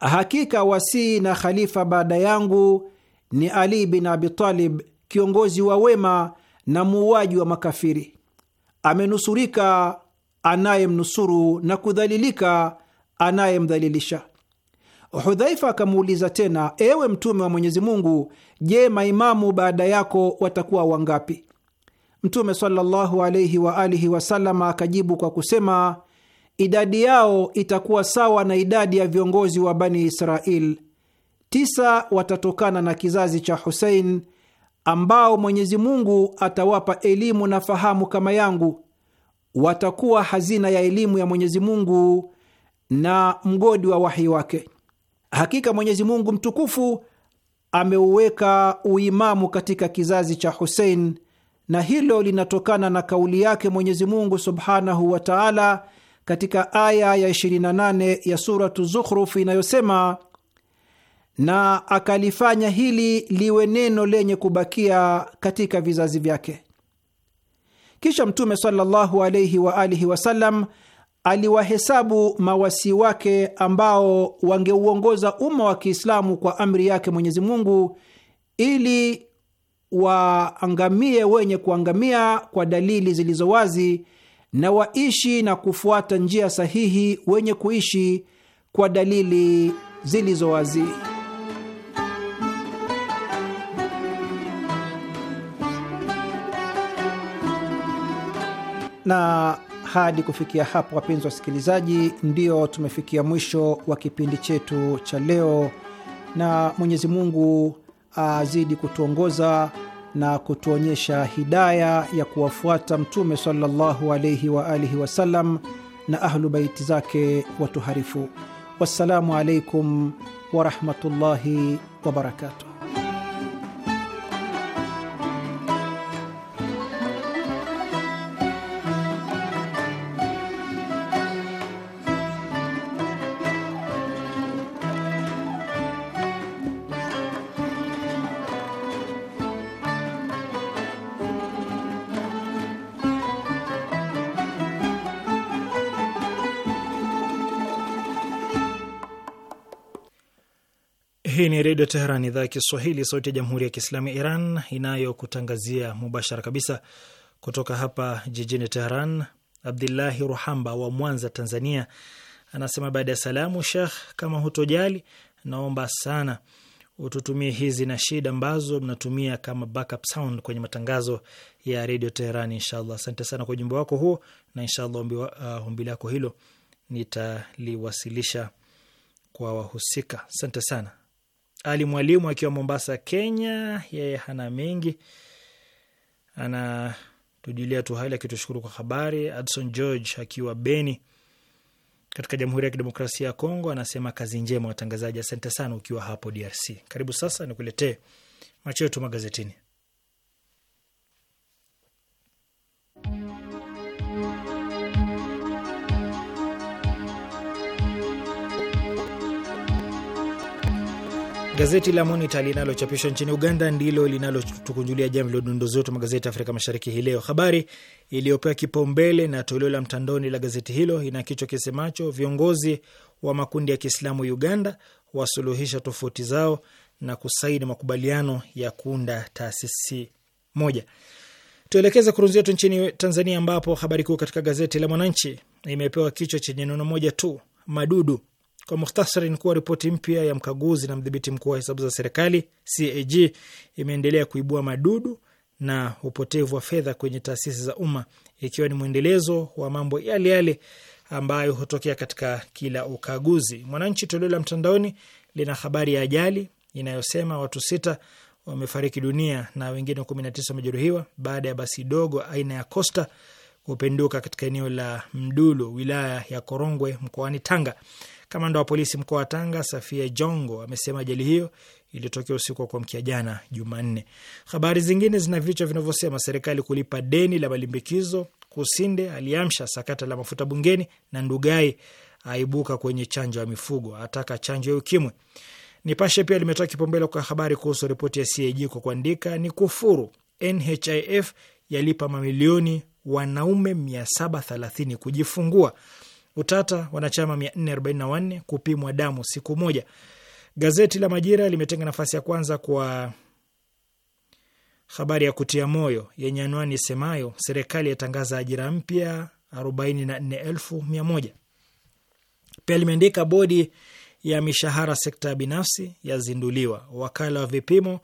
hakika wasii na khalifa baada yangu ni Ali bin Abi Talib, kiongozi wa wema na muuaji wa makafiri amenusurika anayemnusuru na kudhalilika anayemdhalilisha. Hudhaifa akamuuliza tena, ewe Mtume wa Mwenyezi Mungu, je, maimamu baada yako watakuwa wangapi? Mtume sallallahu alaihi wa alihi akajibu kwa kusema, idadi yao itakuwa sawa na idadi ya viongozi wa Bani israel tisa watatokana na kizazi cha Husein ambao Mwenyezi Mungu atawapa elimu na fahamu kama yangu, watakuwa hazina ya elimu ya Mwenyezi Mungu na mgodi wa wahi wake. Hakika Mwenyezi Mungu mtukufu ameuweka uimamu katika kizazi cha Husein, na hilo linatokana na kauli yake Mwenyezi Mungu subhanahu wa taala katika aya ya 28 ya Suratu Zukhruf inayosema na akalifanya hili liwe neno lenye kubakia katika vizazi vyake. Kisha Mtume sallallahu alaihi wa alihi wasallam aliwahesabu mawasi wake ambao wangeuongoza umma wa Kiislamu kwa amri yake Mwenyezi Mungu ili waangamie wenye kuangamia kwa dalili zilizo wazi na waishi na kufuata njia sahihi wenye kuishi kwa dalili zilizo wazi. na hadi kufikia hapo, wapenzi wasikilizaji, ndio tumefikia mwisho wa kipindi chetu cha leo, na Mwenyezi Mungu azidi kutuongoza na kutuonyesha hidaya ya kuwafuata Mtume sallallahu alaihi wa alihi wasallam na ahlu baiti zake watuharifu. Wassalamu alaikum warahmatullahi wabarakatu Hii ni Redio Teheran, idhaa ya Kiswahili, sauti ya Jamhuri ya Kiislamu ya Iran, inayokutangazia mubashara kabisa kutoka hapa jijini Teheran. Abdullahi Ruhamba wa Mwanza, Tanzania, anasema baada ya salamu, Shekh, kama hutojali, naomba sana ututumie hizi na shida ambazo mnatumia kama backup sound kwenye matangazo ya Redio Teheran, inshallah. Asante sana kwa ujumbe wako huo, na inshallah ombi uh, lako hilo nitaliwasilisha kwa wahusika. Asante sana. Ali Mwalimu akiwa Mombasa, Kenya, yeye hana mengi, anatujulia tu hali akitushukuru kwa habari. Adson George akiwa Beni katika Jamhuri ya Kidemokrasia ya Kongo anasema kazi njema watangazaji, asante sana ukiwa hapo DRC. Karibu sasa nikuletee macho yetu magazetini. Gazeti la Monitor linalochapishwa nchini Uganda ndilo linalotukunjulia jamvi la udondozi wetu magazeti ya Afrika Mashariki hii leo. Habari iliyopewa kipaumbele na toleo la mtandaoni la gazeti hilo ina kichwa kisemacho viongozi wa makundi ya Kiislamu Uganda wasuluhisha tofauti zao na kusaini makubaliano ya kuunda taasisi moja. Tuelekeze kurunzi yetu nchini Tanzania, ambapo habari kuu katika gazeti la Mwananchi imepewa kichwa chenye neno moja tu, madudu kwa muhtasari, ni kuwa ripoti mpya ya mkaguzi na mdhibiti mkuu wa hesabu za serikali CAG imeendelea kuibua madudu na upotevu wa fedha kwenye taasisi za umma, ikiwa ni mwendelezo wa mambo yale yale ambayo hutokea katika kila ukaguzi. Mwananchi toleo la mtandaoni lina habari ya ajali inayosema watu sita wamefariki dunia na wengine kumi na tisa wamejeruhiwa baada ya basi dogo aina ya kosta kupinduka katika eneo la Mdulu, wilaya ya Korongwe, mkoani Tanga. Kamanda wa polisi mkoa wa Tanga, Safia Jongo, amesema ajali hiyo iliyotokea usiku wa kuamkia jana Jumanne. Habari zingine zina vichwa vinavyosema serikali kulipa deni la malimbikizo, Kusinde aliamsha sakata la mafuta bungeni, na Ndugai aibuka kwenye chanjo ya mifugo, ataka chanjo ya ukimwi. Nipashe pia limetoa kipaumbele kwa habari kuhusu ripoti ya CAG kwa kuandika ni kufuru, NHIF yalipa mamilioni wanaume 730 kujifungua. Utata wanachama 444 kupimwa damu siku moja. Gazeti la Majira limetenga nafasi ya kwanza kwa habari ya kutia moyo yenye anwani semayo serikali yatangaza ajira mpya 44,100. Pia limeandika bodi ya mishahara sekta binafsi yazinduliwa, wakala wa vipimo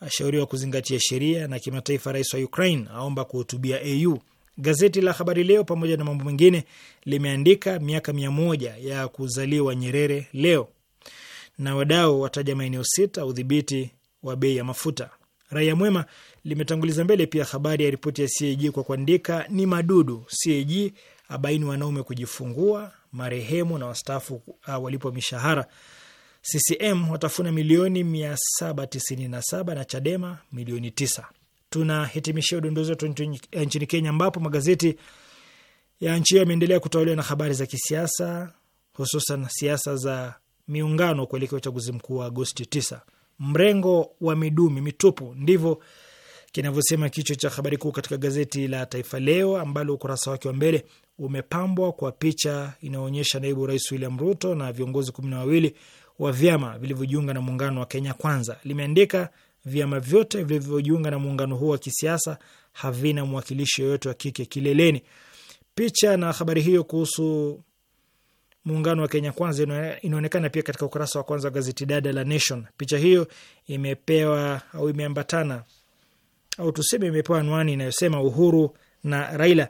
ashauriwa kuzingatia sheria, na kimataifa, rais wa Ukraine aomba kuhutubia AU. Gazeti la Habari Leo pamoja na mambo mengine limeandika miaka mia moja ya kuzaliwa Nyerere leo, na wadau wataja maeneo sita udhibiti wa bei ya mafuta. Raia Mwema limetanguliza mbele pia habari ya ripoti ya CAG kwa kuandika ni madudu, CAG abaini wanaume kujifungua, marehemu na wastaafu walipo mishahara. CCM watafuna milioni 797 na Chadema milioni tisa. Tunahitimishia udondozi wetu eh, nchini Kenya, ambapo magazeti ya nchi hiyo yameendelea kutawaliwa na habari za kisiasa, hususan siasa za miungano kuelekea uchaguzi mkuu wa Agosti 9. Mrengo wa midumi mitupu, ndivyo kinavyosema kichwa cha habari kuu katika gazeti la Taifa Leo, ambalo ukurasa wake wa mbele umepambwa kwa picha inayoonyesha naibu rais William Ruto na viongozi kumi na wawili wa vyama vilivyojiunga na muungano wa Kenya Kwanza. Limeandika vyama vyote vilivyojiunga na muungano huo wa kisiasa havina mwakilishi yoyote wa kike kileleni. Picha na habari hiyo kuhusu muungano wa Kenya Kwanza inaonekana pia katika ukurasa wa kwanza wa gazeti dada la Nation. Picha hiyo imepewa au imeambatana au tuseme imepewa anwani inayosema Uhuru na Raila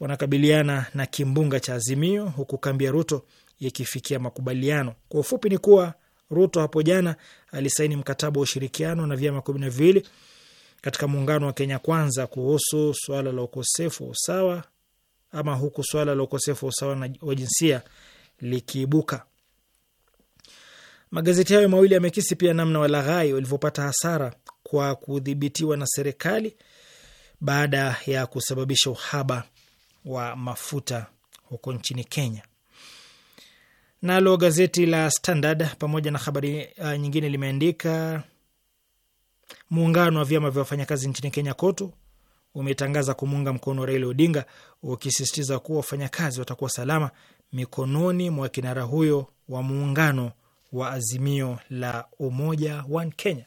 wanakabiliana na kimbunga cha Azimio, huku kambi ya Ruto ikifikia makubaliano. Kwa ufupi ni kuwa Ruto hapo jana alisaini mkataba wa ushirikiano na vyama kumi na viwili katika muungano wa Kenya Kwanza kuhusu swala la ukosefu wa usawa ama huku swala la ukosefu wa usawa wa jinsia likiibuka. Magazeti hayo mawili yamekisi pia namna walaghai walivyopata hasara kwa kudhibitiwa na serikali baada ya kusababisha uhaba wa mafuta huko nchini Kenya. Nalo gazeti la Standard pamoja na habari uh, nyingine limeandika muungano wa vyama vya wafanyakazi nchini Kenya KOTU umetangaza kumuunga mkono Raila Odinga ukisisitiza kuwa wafanyakazi watakuwa salama mikononi mwa kinara huyo wa muungano wa Azimio la Umoja One Kenya.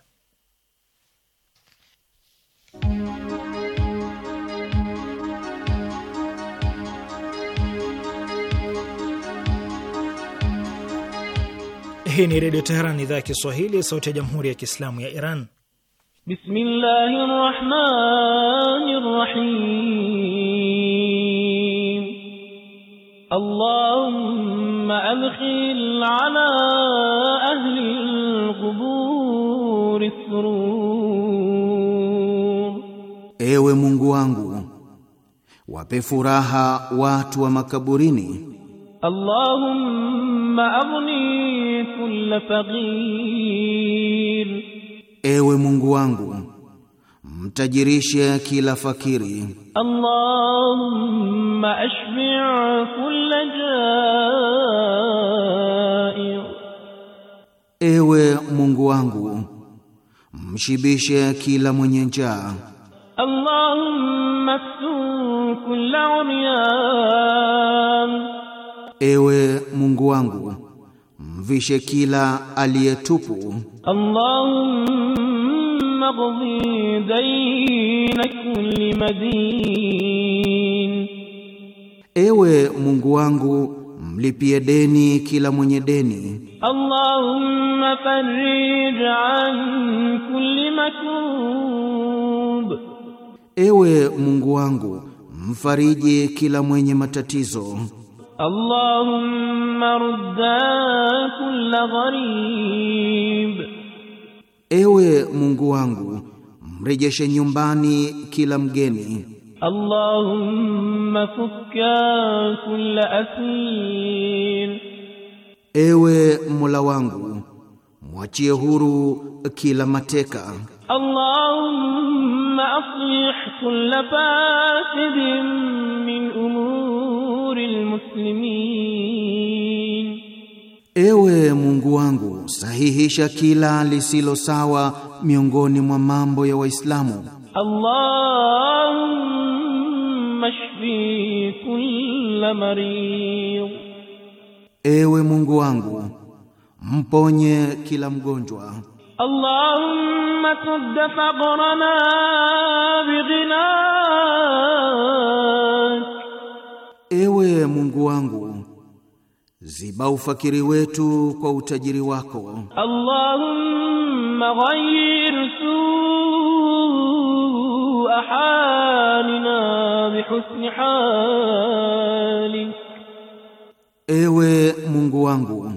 Hii ni Redio Teheran, idhaa ya Kiswahili, sauti ya Jamhuri ya Kiislamu ya Iran. Bismillahi rahmani rahim. Allahumma adkhil ala ahli surur, ewe Mungu wangu wape furaha watu wa makaburini. Allahumma kulla faqir, ewe Mungu wangu mtajirishe kila fakiri. Allahumma ashbi' kulla ja'i, ewe Mungu wangu mshibishe kila mwenye njaa. Allahumma kulla umyan, ewe Mungu wangu mvishe kila aliyetupu. Allahumma qdi dayna kulli madin, ewe Mungu wangu mlipie deni kila mwenye deni. Allahumma farij an kulli makrub, ewe Mungu wangu mfariji kila mwenye matatizo. اللهم رد كل غريب ايوه مungu wangu mrejeshe nyumbani kila mgeni. Allahumma fukka kulla asir, ewe Mola wangu mwachie huru kila mateka. Allahumma aslih kulla fasidin muslimin, Ewe Mungu wangu, sahihisha kila lisilo sawa miongoni mwa mambo ya Waislamu. Allahumma shfi kulla marid, Ewe Mungu wangu, mponye kila mgonjwa. Allahumma sud faqrana bighina Ewe Mungu wangu, ziba ufakiri wetu kwa utajiri wako. Allahumma ghayyir su'a halina bihusni hali, ewe Mungu wangu,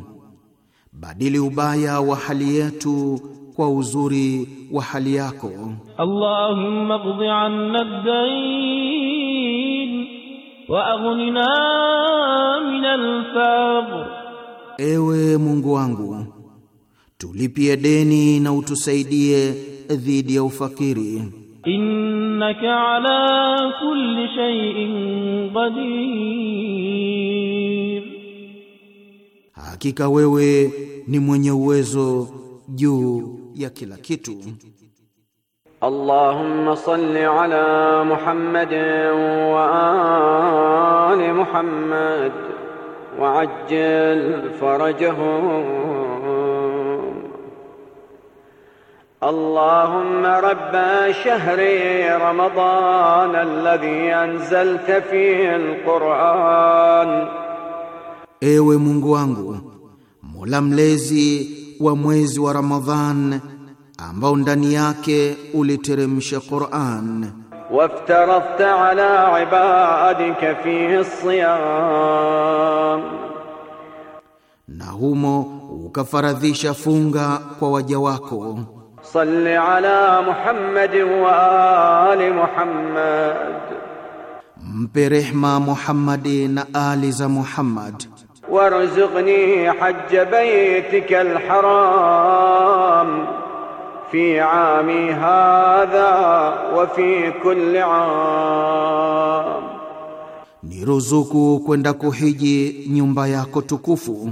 badili ubaya wa hali yetu kwa uzuri wa hali yako. Allahumma qdi anna ad-dayn واغننا من alfaqr, ewe Mungu wangu tulipie deni na utusaidie dhidi ya ufakiri. innaka ala kulli shay'in qadir, hakika wewe ni mwenye uwezo juu ya kila kitu. اللهم صل على محمد وآل محمد وعجل فرجهم اللهم رب شهر رمضان الذي أنزلت فيه القرآن ايوه Mungu wangu, Mola mlezi ورمضان ورمضان ambao ndani yake uliteremsha Qur'an. Waftarafta ala ibadika fi siyam, na humo ukafaradhisha funga kwa waja wako. Salli ala Muhammad wa ali Muhammad, mpe rehma Muhammadi na ali za Muhammad. Warzuqni hajja baytika alharam في عامي هذا وفي كل عام aam, ni ruzuku kwenda kuhiji nyumba yako tukufu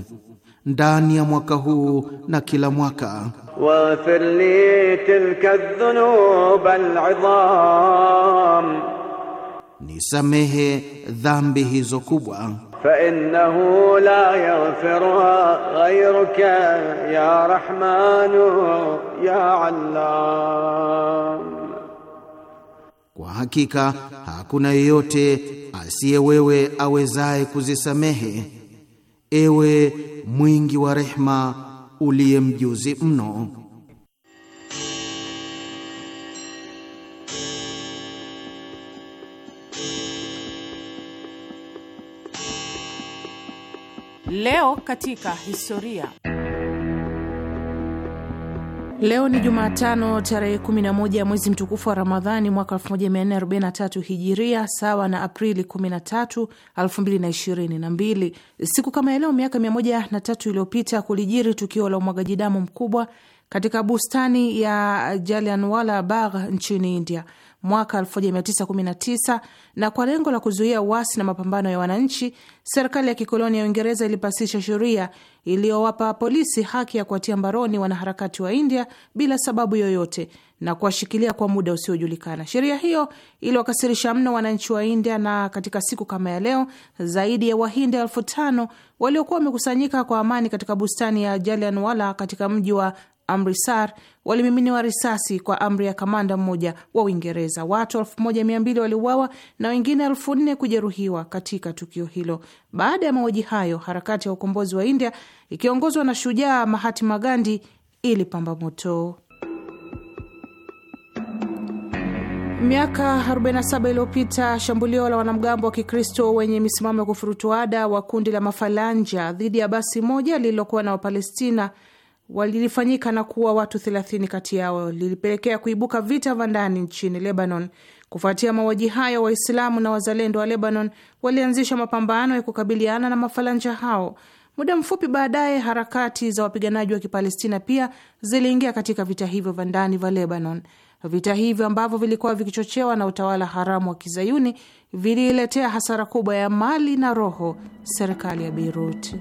ndani ya mwaka huu na kila mwaka. Waghfir li tilka dhunub al'idham, nisamehe dhambi hizo kubwa فإنه لا يغفرها غيرك يا رحمن يا علام kwa hakika hakuna yeyote asiye wewe awezaye kuzisamehe, ewe mwingi wa rehma uliye mjuzi mno. Leo katika historia. Leo ni Jumatano tarehe 11 mwezi mtukufu wa Ramadhani mwaka 1443 hijiria sawa na Aprili 13, 2022. Siku kama ya leo miaka 103 iliyopita kulijiri tukio la umwagaji damu mkubwa katika bustani ya Jalianwala Bagh nchini India mwaka 1919 na kwa lengo la kuzuia uasi na mapambano ya wananchi, serikali ya kikoloni ya Uingereza ilipasisha sheria iliyowapa polisi haki ya kuwatia mbaroni wanaharakati wa India bila sababu yoyote na kuwashikilia kwa muda usiojulikana. Sheria hiyo iliwakasirisha mno wananchi wa India, na katika siku kama ya leo zaidi ya Wahindi elfu tano waliokuwa wamekusanyika kwa amani katika bustani ya Jalianwala katika mji wa Amritsar walimiminiwa risasi kwa amri ya kamanda mmoja wa Uingereza. Watu elfu moja mia mbili waliuawa na wengine elfu nne kujeruhiwa katika tukio hilo. Baada ya mauaji hayo, harakati ya ukombozi wa India ikiongozwa na shujaa Mahatma Gandhi ilipamba moto. Miaka 47 iliyopita shambulio la wanamgambo wa Kikristo wenye misimamo ya kufurutuada wa kundi la Mafalanja dhidi ya basi moja lililokuwa na Wapalestina walilifanyika na kuwa watu 30 kati yao lilipelekea kuibuka vita vya ndani nchini Lebanon. Kufuatia mauaji hayo, Waislamu na wazalendo wa Lebanon walianzisha mapambano ya kukabiliana na mafalanja hao. Muda mfupi baadaye, harakati za wapiganaji wa Kipalestina pia ziliingia katika vita hivyo vya ndani vya Lebanon. Vita hivyo ambavyo vilikuwa vikichochewa na utawala haramu wa Kizayuni viliiletea hasara kubwa ya mali na roho serikali ya Beirut.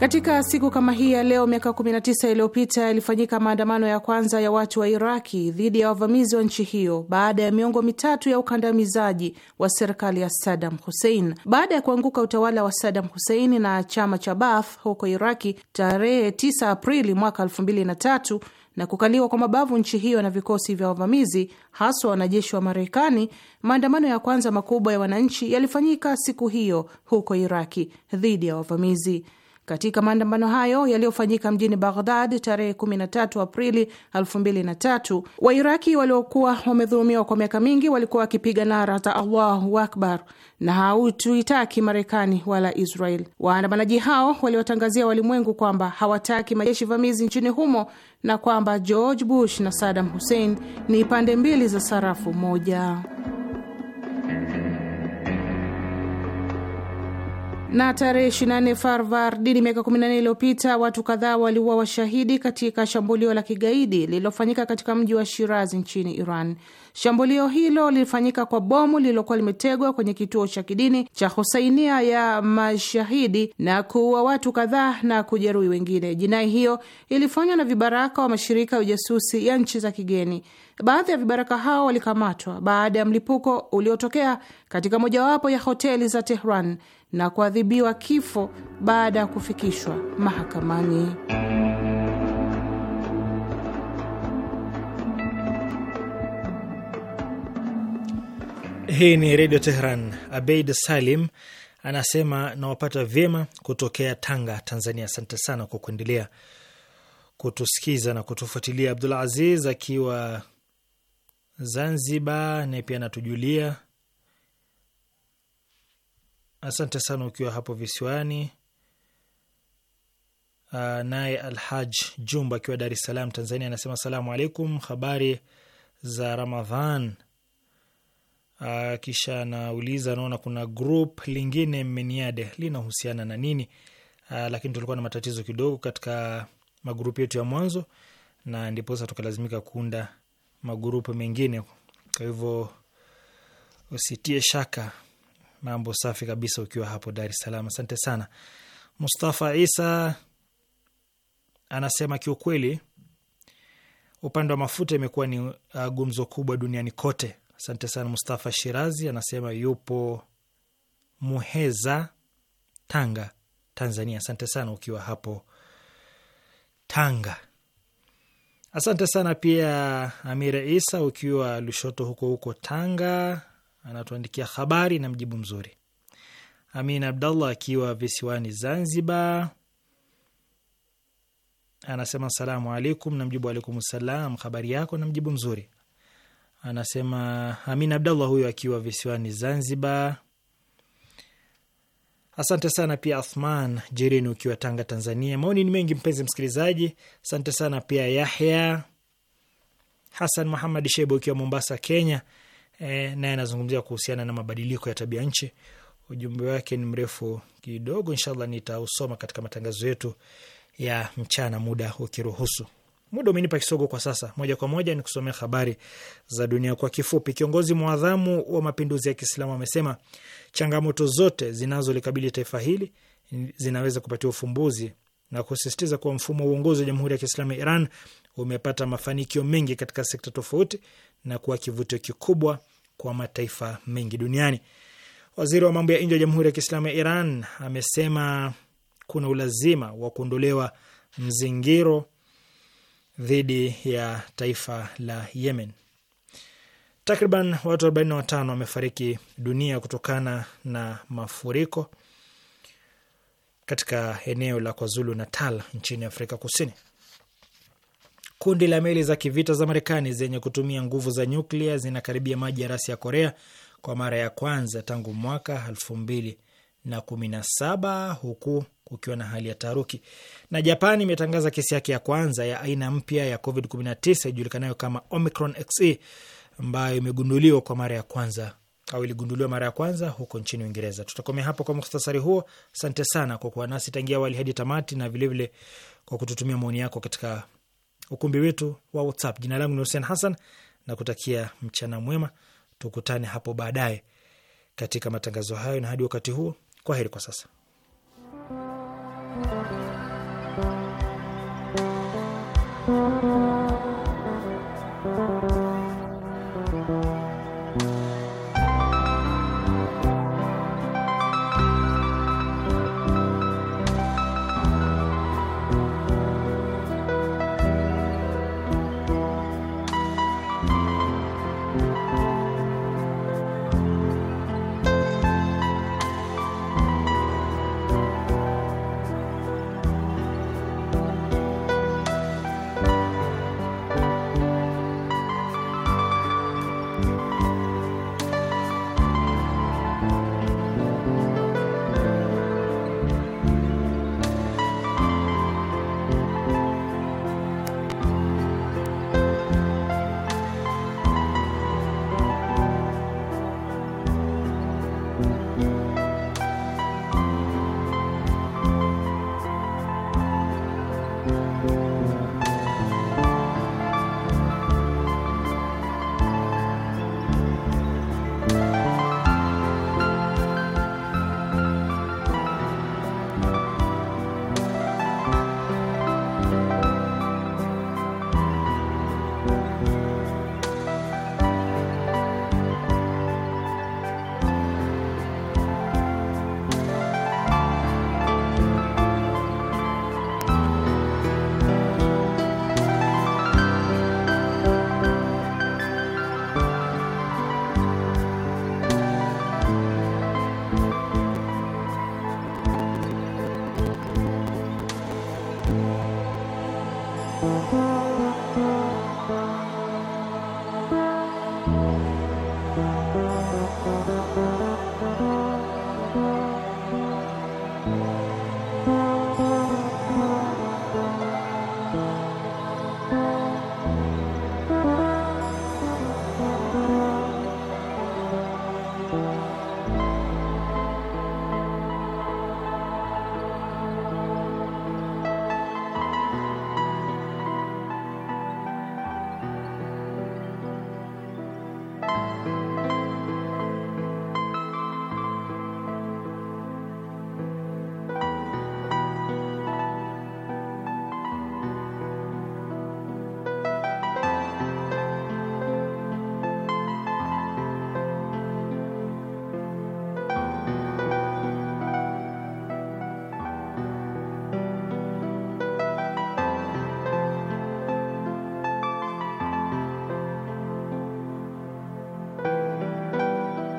Katika siku kama hii ya leo miaka 19 iliyopita yalifanyika maandamano ya kwanza ya watu wa Iraki dhidi ya wavamizi wa nchi hiyo baada ya miongo mitatu ya ukandamizaji wa serikali ya Saddam Hussein. Baada ya kuanguka utawala wa Saddam Hussein na chama cha Baath huko Iraki tarehe 9 Aprili mwaka 2003 na kukaliwa kwa mabavu nchi hiyo na vikosi vya wavamizi haswa wanajeshi wa Marekani. Maandamano ya kwanza makubwa ya wananchi yalifanyika siku hiyo huko Iraki dhidi ya wavamizi. Katika maandamano hayo yaliyofanyika mjini Baghdad tarehe 13 Aprili 2003, Wairaki waliokuwa wamedhulumiwa kwa miaka mingi walikuwa wakipiga nara za Allahu akbar na hautuitaki Marekani wala Israel. Waandamanaji hao waliwatangazia walimwengu kwamba hawataki majeshi vamizi nchini humo na kwamba George Bush na Saddam Hussein ni pande mbili za sarafu moja. Na tarehe 24 Farvardin miaka 14 iliyopita watu kadhaa waliuawa washahidi katika shambulio la kigaidi lililofanyika katika mji wa Shirazi nchini Iran. Shambulio hilo lilifanyika kwa bomu lililokuwa limetegwa kwenye kituo cha kidini cha Husainia ya Mashahidi na kuua watu kadhaa na kujeruhi wengine. Jinai hiyo ilifanywa na vibaraka wa mashirika ya ujasusi ya nchi za kigeni. Baadhi ya vibaraka hao walikamatwa baada ya mlipuko uliotokea katika mojawapo ya hoteli za Tehran na kuadhibiwa kifo baada ya kufikishwa mahakamani. Hii ni Redio Teheran. Abeid Salim anasema nawapata vyema kutokea Tanga, Tanzania. Asante sana kwa kuendelea kutusikiza na kutufuatilia. Abdul Aziz akiwa Zanzibar naye pia anatujulia Asante sana ukiwa hapo visiwani. Ah, naye Alhaj Jumba akiwa Dar es Salaam, Tanzania, anasema asalamu alaikum, habari za Ramadhan. Uh, kisha anauliza naona kuna group lingine mmeniade linahusiana na nini? Uh, lakini tulikuwa na matatizo kidogo katika magrupu yetu ya mwanzo, na ndiposa tukalazimika kuunda magrupu mengine. Kwa hivyo usitie shaka Mambo safi kabisa ukiwa hapo Dar es Salaam, asante sana. Mustafa Isa anasema kiukweli, upande wa mafuta imekuwa ni uh, gumzo kubwa duniani kote. Asante sana. Mustafa Shirazi anasema yupo Muheza, Tanga, Tanzania. Asante sana ukiwa hapo Tanga. Asante sana pia Amira Isa ukiwa Lushoto huko huko Tanga anatuandikia habari na mjibu mzuri. Amin Abdallah akiwa visiwani Zanzibar anasema salamu alaikum, na mjibu alaikum salam, habari yako na mjibu mzuri. Anasema Amin Abdallah huyo akiwa visiwani Zanzibar. Asante sana pia Athman Jerini ukiwa Tanga, Tanzania. Maoni ni mengi, mpenzi msikilizaji. Asante sana pia Yahya Hasan Muhamad shebo ukiwa Mombasa, Kenya e, naye anazungumzia kuhusiana na mabadiliko ya tabia nchi. Ujumbe wake ni mrefu kidogo, inshallah nitausoma katika matangazo yetu ya mchana, muda ukiruhusu. Muda umenipa kisogo kwa sasa. Moja kwa moja ni kusomea habari za dunia kwa kifupi. Kiongozi mwadhamu wa mapinduzi ya Kiislamu amesema changamoto zote zinazolikabili taifa hili zinaweza kupatiwa ufumbuzi na kusisitiza kuwa mfumo wa uongozi wa Jamhuri ya Kiislamu ya Iran umepata mafanikio mengi katika sekta tofauti na kuwa kivutio kikubwa kwa mataifa mengi duniani. Waziri wa mambo ya nje ya Jamhuri ya Kiislamu ya Iran amesema kuna ulazima wa kuondolewa mzingiro dhidi ya taifa la Yemen. Takriban watu 45 wamefariki dunia kutokana na mafuriko katika eneo la KwaZulu Natal nchini Afrika Kusini. Kundi la meli za kivita za Marekani zenye kutumia nguvu za nyuklia zinakaribia maji ya rasi ya Korea kwa mara ya kwanza tangu mwaka elfu mbili na kumi na saba huku kukiwa na hali ya taharuki. Na Japan imetangaza kesi yake ya kwanza ya aina mpya ya Covid 19 ijulikanayo kama Omicron XE ambayo imegunduliwa kwa mara ya kwanza au iligunduliwa mara ya kwanza huko nchini Uingereza. Tutakomea hapo kwa muhtasari huo. Asante sana kwa kuwa nasi tangia awali hadi tamati, na vilevile vile kwa kututumia maoni yako katika ukumbi wetu wa WhatsApp. Jina langu ni Hussein Hassan na kutakia mchana mwema, tukutane hapo baadaye katika matangazo hayo, na hadi wakati huo, kwa heri kwa sasa.